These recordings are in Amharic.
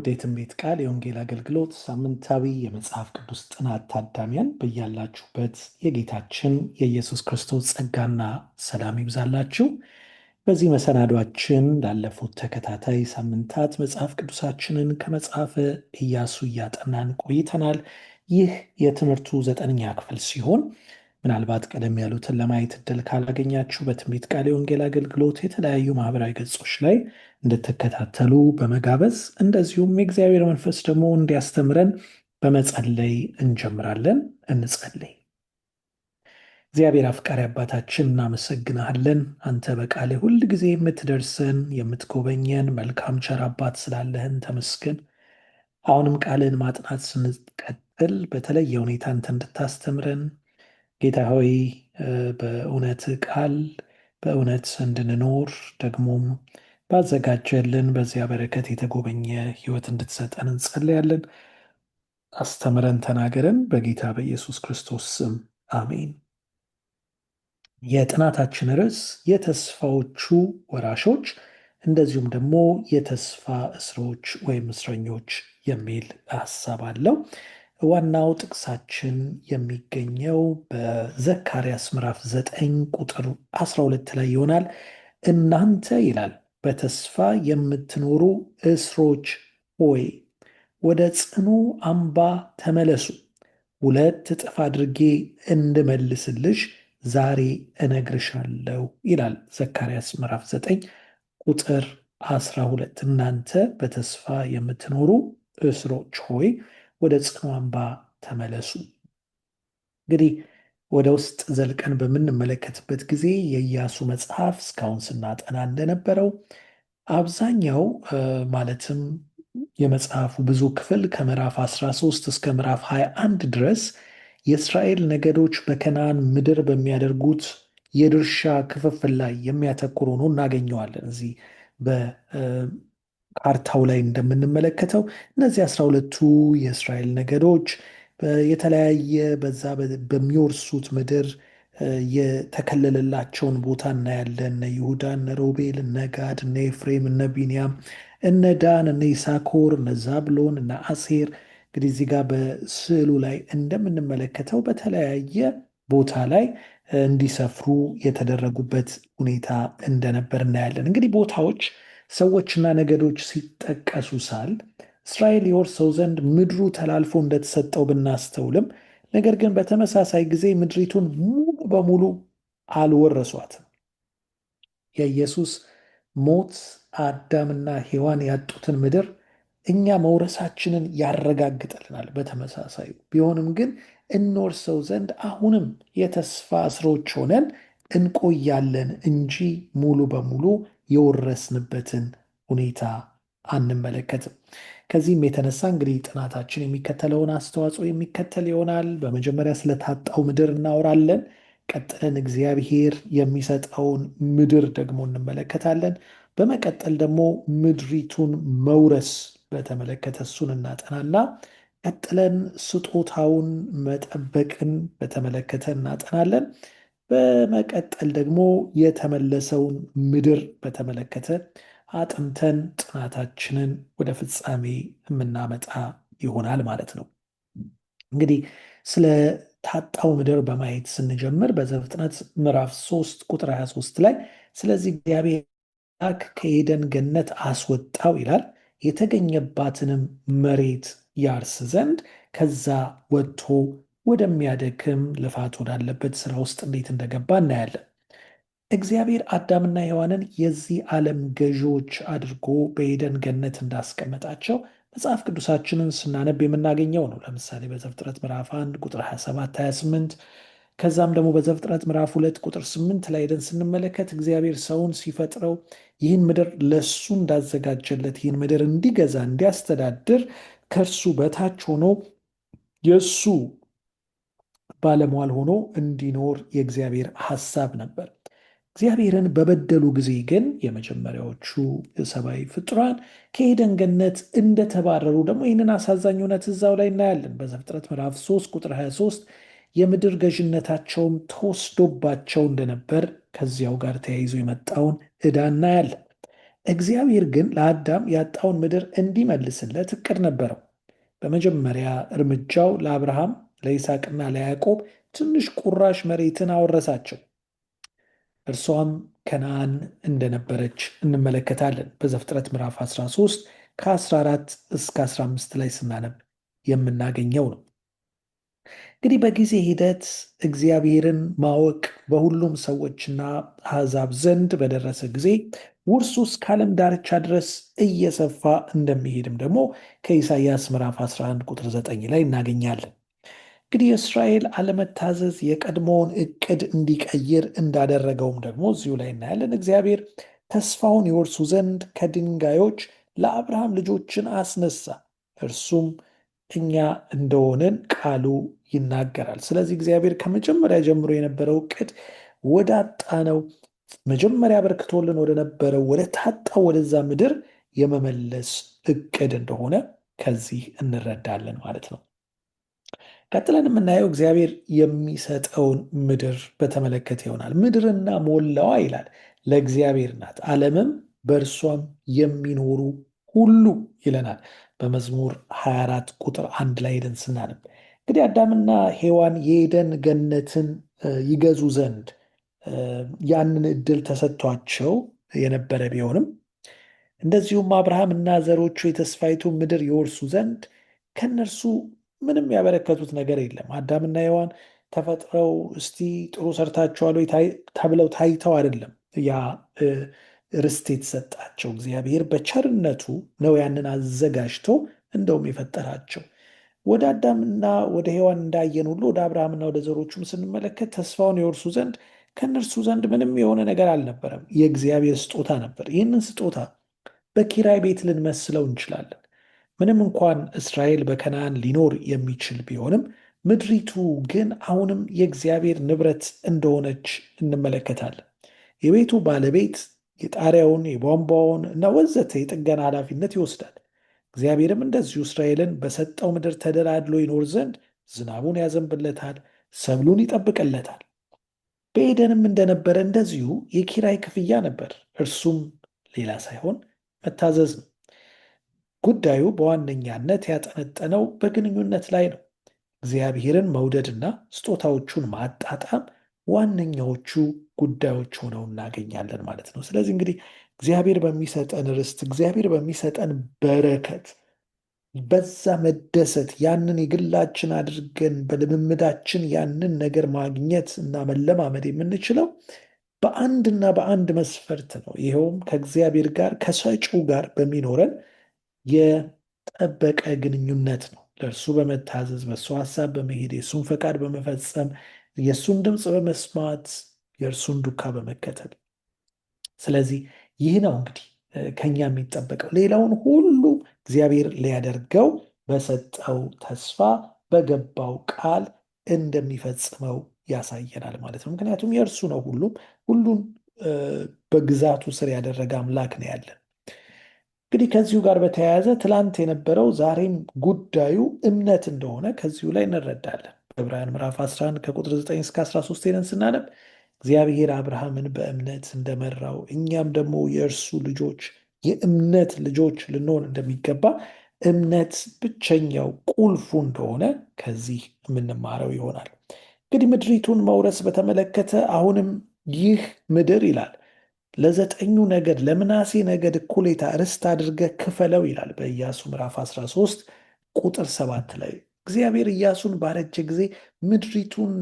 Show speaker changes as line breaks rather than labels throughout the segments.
የውድ የትንቢት ቃል የወንጌል አገልግሎት ሳምንታዊ የመጽሐፍ ቅዱስ ጥናት ታዳሚያን በያላችሁበት የጌታችን የኢየሱስ ክርስቶስ ጸጋና ሰላም ይብዛላችሁ። በዚህ መሰናዷችን ላለፉት ተከታታይ ሳምንታት መጽሐፍ ቅዱሳችንን ከመጽሐፈ እያሱ እያጠናን ቆይተናል። ይህ የትምህርቱ ዘጠነኛ ክፍል ሲሆን ምናልባት ቀደም ያሉትን ለማየት እድል ካላገኛችሁ በትንቢት ቃል የወንጌል አገልግሎት የተለያዩ ማህበራዊ ገጾች ላይ እንድትከታተሉ በመጋበዝ እንደዚሁም የእግዚአብሔር መንፈስ ደግሞ እንዲያስተምረን በመጸለይ እንጀምራለን። እንጸልይ። እግዚአብሔር አፍቃሪ አባታችን እናመሰግናሃለን። አንተ በቃሌ ሁል ጊዜ የምትደርሰን የምትጎበኘን መልካም ቸር አባት ስላለህን ተመስገን። አሁንም ቃልን ማጥናት ስንቀጥል በተለየ ሁኔታ አንተ እንድታስተምረን ጌታ ሆይ በእውነት ቃል በእውነት እንድንኖር ደግሞም ባዘጋጀልን በዚያ በረከት የተጎበኘ ህይወት እንድትሰጠን እንጸለያለን። አስተምረን፣ ተናገረን። በጌታ በኢየሱስ ክርስቶስ ስም አሜን። የጥናታችን ርዕስ የተስፋዎቹ ወራሾች እንደዚሁም ደግሞ የተስፋ እስሮች ወይም እስረኞች የሚል ሀሳብ አለው። ዋናው ጥቅሳችን የሚገኘው በዘካርያስ ምዕራፍ 9 ቁጥር 12 ላይ ይሆናል። እናንተ ይላል በተስፋ የምትኖሩ እስሮች ሆይ ወደ ጽኑ አምባ ተመለሱ፣ ሁለት እጥፍ አድርጌ እንድመልስልሽ ዛሬ እነግርሻለሁ ይላል ዘካርያስ ምዕራፍ 9 ቁጥር 12። እናንተ በተስፋ የምትኖሩ እስሮች ሆይ ወደ ጽኑ አምባ ተመለሱ። እንግዲህ ወደ ውስጥ ዘልቀን በምንመለከትበት ጊዜ የኢያሱ መጽሐፍ እስካሁን ስናጠና እንደነበረው አብዛኛው ማለትም የመጽሐፉ ብዙ ክፍል ከምዕራፍ 13 እስከ ምዕራፍ 21 ድረስ የእስራኤል ነገዶች በከናን ምድር በሚያደርጉት የድርሻ ክፍፍል ላይ የሚያተኩር ሆኖ እናገኘዋለን። እዚህ ካርታው ላይ እንደምንመለከተው እነዚህ አስራ ሁለቱ የእስራኤል ነገዶች የተለያየ በዛ በሚወርሱት ምድር የተከለለላቸውን ቦታ እናያለን። እነ ይሁዳ፣ እነ ሮቤል፣ እነ ጋድ፣ እነ ኤፍሬም፣ እነ ቢንያም፣ እነ ዳን፣ እነ ይሳኮር፣ እነ ዛብሎን፣ እነ አሴር እንግዲህ እዚህ ጋር በስዕሉ ላይ እንደምንመለከተው በተለያየ ቦታ ላይ እንዲሰፍሩ የተደረጉበት ሁኔታ እንደነበር እናያለን። እንግዲህ ቦታዎች ሰዎችና ነገዶች ሲጠቀሱ ሳል እስራኤል ይወርሰው ዘንድ ምድሩ ተላልፎ እንደተሰጠው ብናስተውልም ነገር ግን በተመሳሳይ ጊዜ ምድሪቱን ሙሉ በሙሉ አልወረሷትም። የኢየሱስ ሞት አዳምና ሔዋን ያጡትን ምድር እኛ መውረሳችንን ያረጋግጠልናል። በተመሳሳዩ ቢሆንም ግን እንወርሰው ዘንድ አሁንም የተስፋ እስሮች ሆነን እንቆያለን እንጂ ሙሉ በሙሉ የወረስንበትን ሁኔታ አንመለከትም። ከዚህም የተነሳ እንግዲህ ጥናታችን የሚከተለውን አስተዋጽኦ የሚከተል ይሆናል። በመጀመሪያ ስለታጣው ምድር እናወራለን። ቀጥለን እግዚአብሔር የሚሰጠውን ምድር ደግሞ እንመለከታለን። በመቀጠል ደግሞ ምድሪቱን መውረስ በተመለከተ እሱን እናጠናና ቀጥለን ስጦታውን መጠበቅን በተመለከተ እናጠናለን። በመቀጠል ደግሞ የተመለሰውን ምድር በተመለከተ አጥንተን ጥናታችንን ወደ ፍጻሜ የምናመጣ ይሆናል ማለት ነው። እንግዲህ ስለ ታጣው ምድር በማየት ስንጀምር በዘፍጥረት ምዕራፍ 3 ቁጥር 23 ላይ ስለዚህ እግዚአብሔር ከኤደን ገነት አስወጣው ይላል። የተገኘባትንም መሬት ያርስ ዘንድ ከዛ ወጥቶ ወደሚያደክም ልፋት ወዳለበት ስራ ውስጥ እንዴት እንደገባ እናያለን። እግዚአብሔር አዳምና ሔዋንን የዚህ ዓለም ገዢዎች አድርጎ በኤደን ገነት እንዳስቀመጣቸው መጽሐፍ ቅዱሳችንን ስናነብ የምናገኘው ነው። ለምሳሌ በዘፍጥረት ምዕራፍ 1 ቁጥር 27፣ 28 ከዛም ደግሞ በዘፍጥረት ምዕራፍ 2 ቁጥር 8 ላይ ሄደን ስንመለከት እግዚአብሔር ሰውን ሲፈጥረው ይህን ምድር ለሱ እንዳዘጋጀለት ይህን ምድር እንዲገዛ እንዲያስተዳድር ከእርሱ በታች ሆኖ የእሱ ባለሟል ሆኖ እንዲኖር የእግዚአብሔር ሐሳብ ነበር። እግዚአብሔርን በበደሉ ጊዜ ግን የመጀመሪያዎቹ ሰብአዊ ፍጡራን ከኤደን ገነት እንደተባረሩ ደግሞ ይህንን አሳዛኝ እውነት እዛው ላይ እናያለን። በዘፍጥረት ምዕራፍ 3 ቁጥር 23 የምድር ገዥነታቸውም ተወስዶባቸው እንደነበር ከዚያው ጋር ተያይዞ የመጣውን ዕዳ እናያለን። እግዚአብሔር ግን ለአዳም ያጣውን ምድር እንዲመልስለት እቅድ ነበረው። በመጀመሪያ እርምጃው ለአብርሃም ለይስሐቅና ለያዕቆብ ትንሽ ቁራሽ መሬትን አወረሳቸው። እርሷም ከነአን እንደነበረች እንመለከታለን። በዘፍጥረት ምዕራፍ 13 ከ14 እስከ 15 ላይ ስናነብ የምናገኘው ነው። እንግዲህ በጊዜ ሂደት እግዚአብሔርን ማወቅ በሁሉም ሰዎችና አሕዛብ ዘንድ በደረሰ ጊዜ ውርሱ እስከ ዓለም ዳርቻ ድረስ እየሰፋ እንደሚሄድም ደግሞ ከኢሳይያስ ምዕራፍ 11 ቁጥር 9 ላይ እናገኛለን። እንግዲህ የእስራኤል አለመታዘዝ የቀድሞውን እቅድ እንዲቀይር እንዳደረገውም ደግሞ እዚሁ ላይ እናያለን። እግዚአብሔር ተስፋውን ይወርሱ ዘንድ ከድንጋዮች ለአብርሃም ልጆችን አስነሳ፣ እርሱም እኛ እንደሆንን ቃሉ ይናገራል። ስለዚህ እግዚአብሔር ከመጀመሪያ ጀምሮ የነበረው እቅድ ነው መጀመሪያ በርክቶልን ወደነበረው ወደ ታጣው ወደዛ ምድር የመመለስ እቅድ እንደሆነ ከዚህ እንረዳለን ማለት ነው። ቀጥለን የምናየው እግዚአብሔር የሚሰጠውን ምድር በተመለከተ ይሆናል። ምድርና ሞላዋ ይላል ለእግዚአብሔር ናት፣ ዓለምም በእርሷም የሚኖሩ ሁሉ ይለናል በመዝሙር 24 ቁጥር አንድ ላይ ሄደን ስናንም እንግዲህ አዳምና ሔዋን የኤደን ገነትን ይገዙ ዘንድ ያንን እድል ተሰጥቷቸው የነበረ ቢሆንም እንደዚሁም አብርሃምና ዘሮቹ የተስፋይቱ ምድር የወርሱ ዘንድ ከነርሱ። ምንም ያበረከቱት ነገር የለም። አዳምና ሔዋን ተፈጥረው እስቲ ጥሩ ሰርታችኋል ተብለው ታይተው አይደለም ያ ርስት የተሰጣቸው። እግዚአብሔር በቸርነቱ ነው ያንን አዘጋጅቶ እንደውም የፈጠራቸው። ወደ አዳምና ወደ ሔዋን እንዳየን ሁሉ ወደ አብርሃምና ወደ ዘሮቹም ስንመለከት ተስፋውን የወርሱ ዘንድ ከእነርሱ ዘንድ ምንም የሆነ ነገር አልነበረም። የእግዚአብሔር ስጦታ ነበር። ይህንን ስጦታ በኪራይ ቤት ልንመስለው እንችላለን። ምንም እንኳን እስራኤል በከናን ሊኖር የሚችል ቢሆንም ምድሪቱ ግን አሁንም የእግዚአብሔር ንብረት እንደሆነች እንመለከታለን። የቤቱ ባለቤት የጣሪያውን፣ የቧንቧውን እና ወዘተ የጥገና ኃላፊነት ይወስዳል። እግዚአብሔርም እንደዚሁ እስራኤልን በሰጠው ምድር ተደላድሎ ይኖር ዘንድ ዝናቡን ያዘንብለታል፣ ሰብሉን ይጠብቅለታል። በኤደንም እንደነበረ እንደዚሁ የኪራይ ክፍያ ነበር። እርሱም ሌላ ሳይሆን መታዘዝ ነው። ጉዳዩ በዋነኛነት ያጠነጠነው በግንኙነት ላይ ነው። እግዚአብሔርን መውደድና ስጦታዎቹን ማጣጣም ዋነኛዎቹ ጉዳዮች ሆነው እናገኛለን ማለት ነው። ስለዚህ እንግዲህ እግዚአብሔር በሚሰጠን ርስት፣ እግዚአብሔር በሚሰጠን በረከት በዛ መደሰት ያንን የግላችን አድርገን በልምምዳችን ያንን ነገር ማግኘት እና መለማመድ የምንችለው በአንድና በአንድ መስፈርት ነው። ይኸውም ከእግዚአብሔር ጋር ከሰጪው ጋር በሚኖረን የጠበቀ ግንኙነት ነው። ለእርሱ በመታዘዝ በእሱ ሀሳብ በመሄድ የእሱን ፈቃድ በመፈጸም የእሱን ድምፅ በመስማት የእርሱን ዱካ በመከተል ስለዚህ ይህ ነው እንግዲህ ከኛ የሚጠበቀው። ሌላውን ሁሉ እግዚአብሔር ሊያደርገው በሰጠው ተስፋ በገባው ቃል እንደሚፈጽመው ያሳየናል ማለት ነው። ምክንያቱም የእርሱ ነው ሁሉም፣ ሁሉን በግዛቱ ስር ያደረገ አምላክ ነው ያለን። እንግዲህ ከዚሁ ጋር በተያያዘ ትላንት የነበረው ዛሬም ጉዳዩ እምነት እንደሆነ ከዚሁ ላይ እንረዳለን። ዕብራውያን ምዕራፍ 11 ከቁጥር 9 እስከ 13 ሄደን ስናነብ እግዚአብሔር አብርሃምን በእምነት እንደመራው እኛም ደግሞ የእርሱ ልጆች የእምነት ልጆች ልንሆን እንደሚገባ እምነት ብቸኛው ቁልፉ እንደሆነ ከዚህ የምንማረው ይሆናል። እንግዲህ ምድሪቱን መውረስ በተመለከተ አሁንም ይህ ምድር ይላል ለዘጠኙ ነገድ ለምናሴ ነገድ እኩሌታ ርስት አድርገ ክፈለው ይላል በኢያሱ ምዕራፍ 13 ቁጥር 7 ላይ። እግዚአብሔር ኢያሱን ባረጀ ጊዜ ምድሪቱን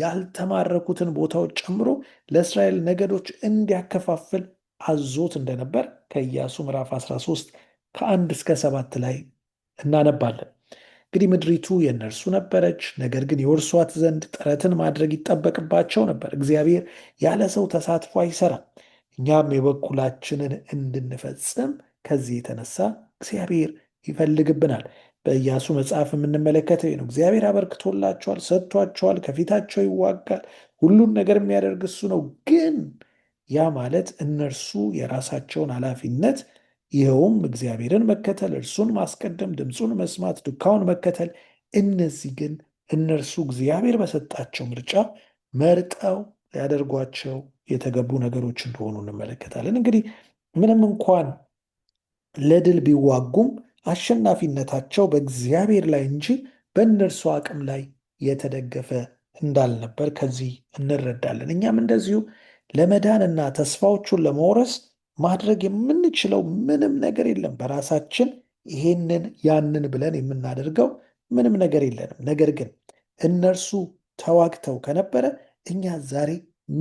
ያልተማረኩትን ቦታዎች ጨምሮ ለእስራኤል ነገዶች እንዲያከፋፍል አዞት እንደነበር ከኢያሱ ምዕራፍ 13 ከአንድ እስከ ሰባት ላይ እናነባለን። እንግዲህ ምድሪቱ የእነርሱ ነበረች። ነገር ግን የወርሷት ዘንድ ጥረትን ማድረግ ይጠበቅባቸው ነበር። እግዚአብሔር ያለ ሰው ተሳትፎ አይሰራም። እኛም የበኩላችንን እንድንፈጽም ከዚህ የተነሳ እግዚአብሔር ይፈልግብናል። በኢያሱ መጽሐፍ የምንመለከተው ነው። እግዚአብሔር አበርክቶላቸዋል፣ ሰጥቷቸዋል፣ ከፊታቸው ይዋጋል፣ ሁሉን ነገር የሚያደርግ እሱ ነው። ግን ያ ማለት እነርሱ የራሳቸውን ኃላፊነት ይኸውም እግዚአብሔርን መከተል፣ እርሱን ማስቀደም፣ ድምፁን መስማት፣ ዱካውን መከተል፣ እነዚህ ግን እነርሱ እግዚአብሔር በሰጣቸው ምርጫ መርጠው ሊያደርጓቸው የተገቡ ነገሮች እንደሆኑ እንመለከታለን። እንግዲህ ምንም እንኳን ለድል ቢዋጉም አሸናፊነታቸው በእግዚአብሔር ላይ እንጂ በእነርሱ አቅም ላይ የተደገፈ እንዳልነበር ከዚህ እንረዳለን። እኛም እንደዚሁ ለመዳንና ተስፋዎቹን ለመውረስ ማድረግ የምንችለው ምንም ነገር የለም። በራሳችን ይሄንን ያንን ብለን የምናደርገው ምንም ነገር የለንም። ነገር ግን እነርሱ ተዋግተው ከነበረ እኛ ዛሬ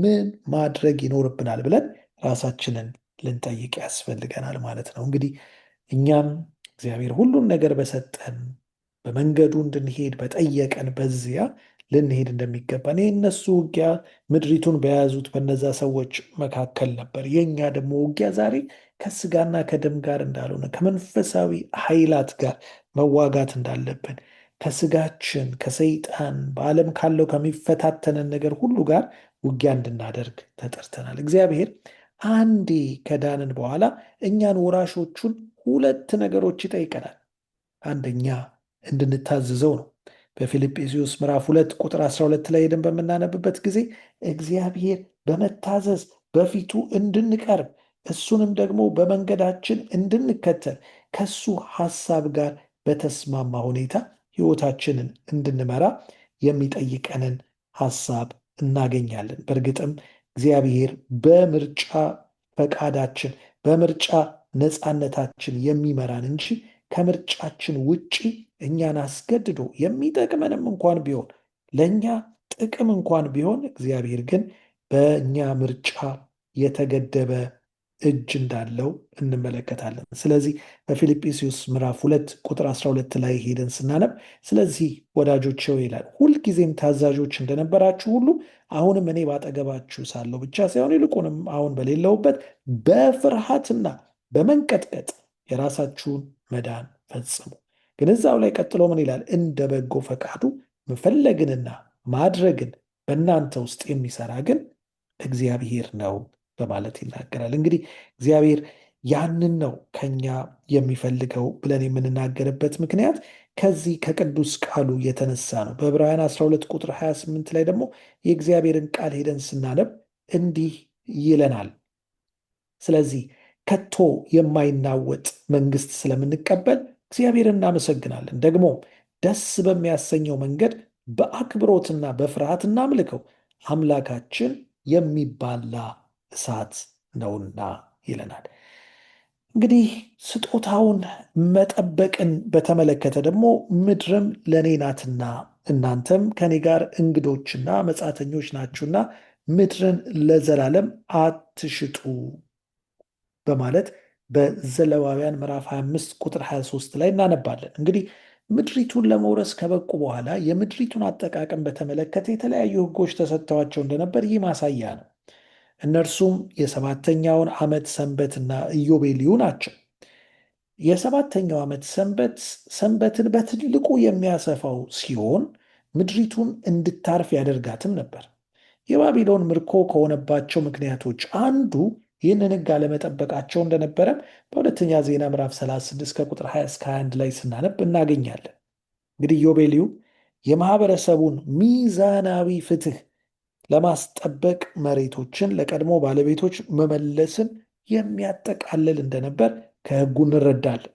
ምን ማድረግ ይኖርብናል ብለን ራሳችንን ልንጠይቅ ያስፈልገናል ማለት ነው። እንግዲህ እኛም እግዚአብሔር ሁሉን ነገር በሰጠን በመንገዱ እንድንሄድ በጠየቀን በዚያ ልንሄድ እንደሚገባን ይህ እነሱ ውጊያ ምድሪቱን በያዙት በነዛ ሰዎች መካከል ነበር። የእኛ ደግሞ ውጊያ ዛሬ ከስጋና ከደም ጋር እንዳልሆነ ከመንፈሳዊ ኃይላት ጋር መዋጋት እንዳለብን ከስጋችን ከሰይጣን በዓለም ካለው ከሚፈታተነን ነገር ሁሉ ጋር ውጊያ እንድናደርግ ተጠርተናል። እግዚአብሔር አንዴ ከዳንን በኋላ እኛን ወራሾቹን ሁለት ነገሮች ይጠይቀናል። አንደኛ እንድንታዘዘው ነው። በፊልጵስዩስ ምዕራፍ ሁለት ቁጥር 12 ላይ ሄደን በምናነብበት ጊዜ እግዚአብሔር በመታዘዝ በፊቱ እንድንቀርብ እሱንም ደግሞ በመንገዳችን እንድንከተል ከሱ ሐሳብ ጋር በተስማማ ሁኔታ ሕይወታችንን እንድንመራ የሚጠይቀንን ሐሳብ እናገኛለን። በእርግጥም እግዚአብሔር በምርጫ ፈቃዳችን በምርጫ ነፃነታችን የሚመራን እንጂ ከምርጫችን ውጪ እኛን አስገድዶ የሚጠቅመንም እንኳን ቢሆን ለእኛ ጥቅም እንኳን ቢሆን እግዚአብሔር ግን በእኛ ምርጫ የተገደበ እጅ እንዳለው እንመለከታለን። ስለዚህ በፊልጵስዩስ ምዕራፍ ሁለት ቁጥር 12 ላይ ሄደን ስናነብ ስለዚህ ወዳጆች ሆይ ይላል ሁልጊዜም ታዛዦች እንደነበራችሁ ሁሉ አሁንም እኔ ባጠገባችሁ ሳለው ብቻ ሳይሆን ይልቁንም አሁን በሌለውበት በፍርሃትና በመንቀጥቀጥ የራሳችሁን መዳን ፈጽሙ። ግን እዛው ላይ ቀጥሎ ምን ይላል? እንደ በጎ ፈቃዱ መፈለግንና ማድረግን በእናንተ ውስጥ የሚሰራ ግን እግዚአብሔር ነው በማለት ይናገራል። እንግዲህ እግዚአብሔር ያንን ነው ከኛ የሚፈልገው ብለን የምንናገርበት ምክንያት ከዚህ ከቅዱስ ቃሉ የተነሳ ነው። በዕብራውያን 12 ቁጥር 28 ላይ ደግሞ የእግዚአብሔርን ቃል ሄደን ስናነብ እንዲህ ይለናል። ስለዚህ ከቶ የማይናወጥ መንግስት ስለምንቀበል እግዚአብሔር እናመሰግናለን። ደግሞ ደስ በሚያሰኘው መንገድ በአክብሮትና በፍርሃት እናምልከው አምላካችን የሚባላ እሳት ነውና ይለናል። እንግዲህ ስጦታውን መጠበቅን በተመለከተ ደግሞ ምድርም ለእኔ ናትና እናንተም ከእኔ ጋር እንግዶችና መጻተኞች ናችሁና ምድርን ለዘላለም አትሽጡ በማለት በዘለባውያን ምዕራፍ 25 ቁጥር 23 ላይ እናነባለን። እንግዲህ ምድሪቱን ለመውረስ ከበቁ በኋላ የምድሪቱን አጠቃቀም በተመለከተ የተለያዩ ሕጎች ተሰጥተዋቸው እንደነበር ይህ ማሳያ ነው። እነርሱም የሰባተኛውን ዓመት ሰንበትና ኢዮቤልዩ ናቸው። የሰባተኛው ዓመት ሰንበት ሰንበትን በትልቁ የሚያሰፋው ሲሆን ምድሪቱን እንድታርፍ ያደርጋትም ነበር። የባቢሎን ምርኮ ከሆነባቸው ምክንያቶች አንዱ ይህንን ህግ አለመጠበቃቸው እንደነበረም በሁለተኛ ዜና ምዕራፍ 36 ከቁጥር 20 እስከ 21 ላይ ስናነብ እናገኛለን። እንግዲህ ዮቤልዩ የማህበረሰቡን ሚዛናዊ ፍትህ ለማስጠበቅ መሬቶችን ለቀድሞ ባለቤቶች መመለስን የሚያጠቃልል እንደነበር ከህጉ እንረዳለን።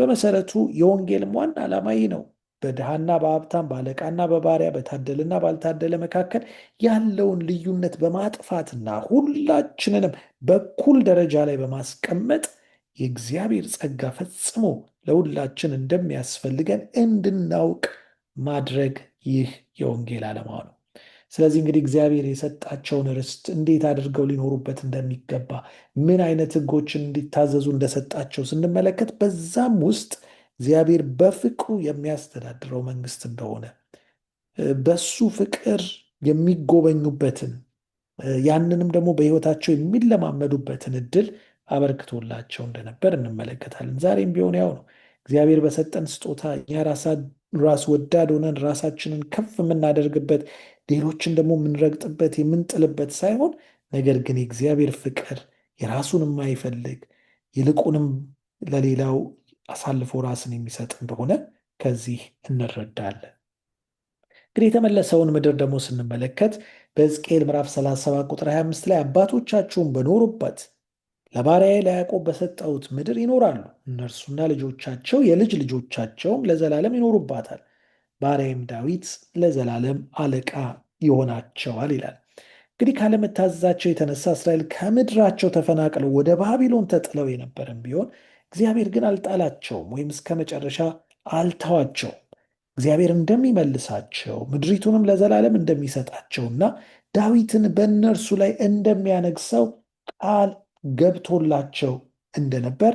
በመሰረቱ የወንጌልም ዋና ዓላማ ይህ ነው። በድሃና በሀብታም በአለቃና በባሪያ በታደለና ባልታደለ መካከል ያለውን ልዩነት በማጥፋትና ሁላችንንም በኩል ደረጃ ላይ በማስቀመጥ የእግዚአብሔር ጸጋ ፈጽሞ ለሁላችን እንደሚያስፈልገን እንድናውቅ ማድረግ ይህ የወንጌል ዓላማው ነው። ስለዚህ እንግዲህ እግዚአብሔር የሰጣቸውን ርስት እንዴት አድርገው ሊኖሩበት እንደሚገባ ምን አይነት ህጎችን እንዲታዘዙ እንደሰጣቸው ስንመለከት በዛም ውስጥ እግዚአብሔር በፍቅሩ የሚያስተዳድረው መንግስት እንደሆነ በሱ ፍቅር የሚጎበኙበትን ያንንም ደግሞ በህይወታቸው የሚለማመዱበትን እድል አበርክቶላቸው እንደነበር እንመለከታለን። ዛሬም ቢሆን ያው ነው። እግዚአብሔር በሰጠን ስጦታ እኛ ራስ ወዳድ ሆነን ራሳችንን ከፍ የምናደርግበት ሌሎችን ደግሞ የምንረግጥበት የምንጥልበት ሳይሆን ነገር ግን የእግዚአብሔር ፍቅር የራሱን የማይፈልግ ይልቁንም ለሌላው አሳልፎ ራስን የሚሰጥ እንደሆነ ከዚህ እንረዳለን። እንግዲህ የተመለሰውን ምድር ደግሞ ስንመለከት በሕዝቅኤል ምዕራፍ 37 ቁጥር 25 ላይ አባቶቻችሁን በኖሩበት ለባሪያዬ ለያዕቆብ በሰጠሁት ምድር ይኖራሉ፣ እነርሱና ልጆቻቸው የልጅ ልጆቻቸውም ለዘላለም ይኖሩባታል ባሪያዬም ዳዊት ለዘላለም አለቃ ይሆናቸዋል ይላል። እንግዲህ ካለመታዘዛቸው የተነሳ እስራኤል ከምድራቸው ተፈናቅለው ወደ ባቢሎን ተጥለው የነበረም ቢሆን እግዚአብሔር ግን አልጣላቸውም ወይም እስከ መጨረሻ አልተዋቸውም። እግዚአብሔር እንደሚመልሳቸው ምድሪቱንም ለዘላለም እንደሚሰጣቸውና ዳዊትን በእነርሱ ላይ እንደሚያነግሰው ቃል ገብቶላቸው እንደነበር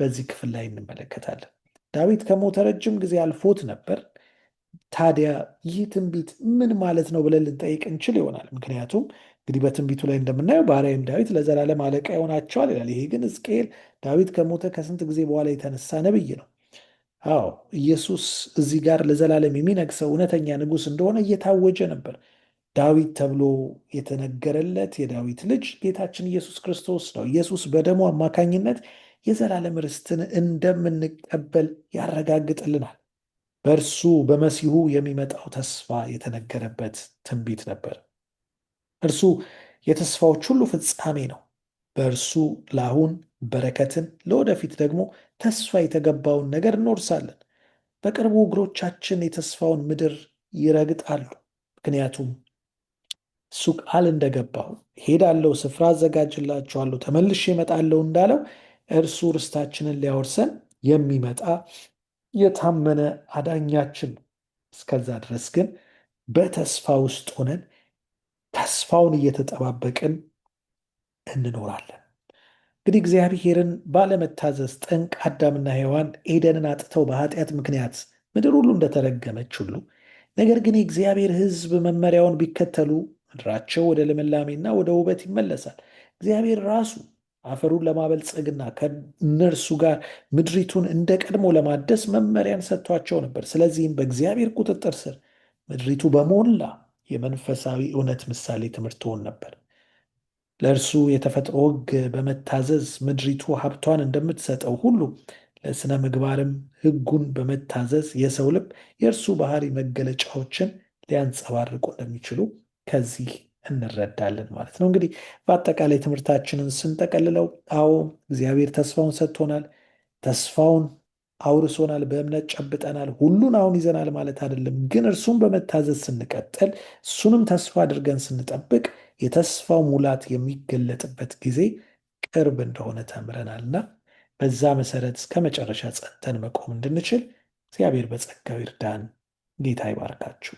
በዚህ ክፍል ላይ እንመለከታለን። ዳዊት ከሞተ ረጅም ጊዜ አልፎት ነበር። ታዲያ ይህ ትንቢት ምን ማለት ነው ብለን ልንጠይቅ እንችል ይሆናል። ምክንያቱም እንግዲህ በትንቢቱ ላይ እንደምናየው ባሪያዬም ዳዊት ለዘላለም አለቃ ይሆናቸዋል ይላል። ይሄ ግን ሕዝቅኤል ዳዊት ከሞተ ከስንት ጊዜ በኋላ የተነሳ ነብይ ነው። አዎ ኢየሱስ እዚህ ጋር ለዘላለም የሚነግሰው እውነተኛ ንጉሥ እንደሆነ እየታወጀ ነበር። ዳዊት ተብሎ የተነገረለት የዳዊት ልጅ ጌታችን ኢየሱስ ክርስቶስ ነው። ኢየሱስ በደሙ አማካኝነት የዘላለም ርስትን እንደምንቀበል ያረጋግጥልናል። በእርሱ በመሲሁ የሚመጣው ተስፋ የተነገረበት ትንቢት ነበር። እርሱ የተስፋዎች ሁሉ ፍጻሜ ነው። በእርሱ ለአሁን በረከትን ለወደፊት ደግሞ ተስፋ የተገባውን ነገር እንወርሳለን። በቅርቡ እግሮቻችን የተስፋውን ምድር ይረግጣሉ። ምክንያቱም እሱ ቃል እንደገባው ሄዳለው ስፍራ አዘጋጅላቸዋለሁ ተመልሽ ይመጣለው እንዳለው እርሱ ርስታችንን ሊያወርሰን የሚመጣ የታመነ አዳኛችን ነው። እስከዛ ድረስ ግን በተስፋ ውስጥ ሆነን ተስፋውን እየተጠባበቅን እንኖራለን። እንግዲህ እግዚአብሔርን ባለመታዘዝ ጠንቅ አዳምና ሔዋን ኤደንን አጥተው በኃጢአት ምክንያት ምድር ሁሉ እንደተረገመች ሁሉ ነገር ግን የእግዚአብሔር ሕዝብ መመሪያውን ቢከተሉ ምድራቸው ወደ ልምላሜና ወደ ውበት ይመለሳል። እግዚአብሔር ራሱ አፈሩን ለማበልጸግና ከእነርሱ ጋር ምድሪቱን እንደ ቀድሞ ለማደስ መመሪያን ሰጥቷቸው ነበር። ስለዚህም በእግዚአብሔር ቁጥጥር ስር ምድሪቱ በሞላ የመንፈሳዊ እውነት ምሳሌ ትምህርት ትሆን ነበር። ለእርሱ የተፈጥሮ ሕግ በመታዘዝ ምድሪቱ ሀብቷን እንደምትሰጠው ሁሉ ለሥነ ምግባርም ሕጉን በመታዘዝ የሰው ልብ የእርሱ ባህሪ መገለጫዎችን ሊያንጸባርቁ እንደሚችሉ ከዚህ እንረዳለን ማለት ነው። እንግዲህ በአጠቃላይ ትምህርታችንን ስንጠቀልለው፣ አዎ እግዚአብሔር ተስፋውን ሰጥቶናል፣ ተስፋውን አውርሶናል፣ በእምነት ጨብጠናል፣ ሁሉን አሁን ይዘናል ማለት አይደለም። ግን እርሱን በመታዘዝ ስንቀጥል፣ እሱንም ተስፋ አድርገን ስንጠብቅ የተስፋው ሙላት የሚገለጥበት ጊዜ ቅርብ እንደሆነ ተምረናልና በዛ መሰረት እስከ መጨረሻ ጸንተን መቆም እንድንችል እግዚአብሔር በጸጋው ይርዳን። ጌታ ይባርካችሁ።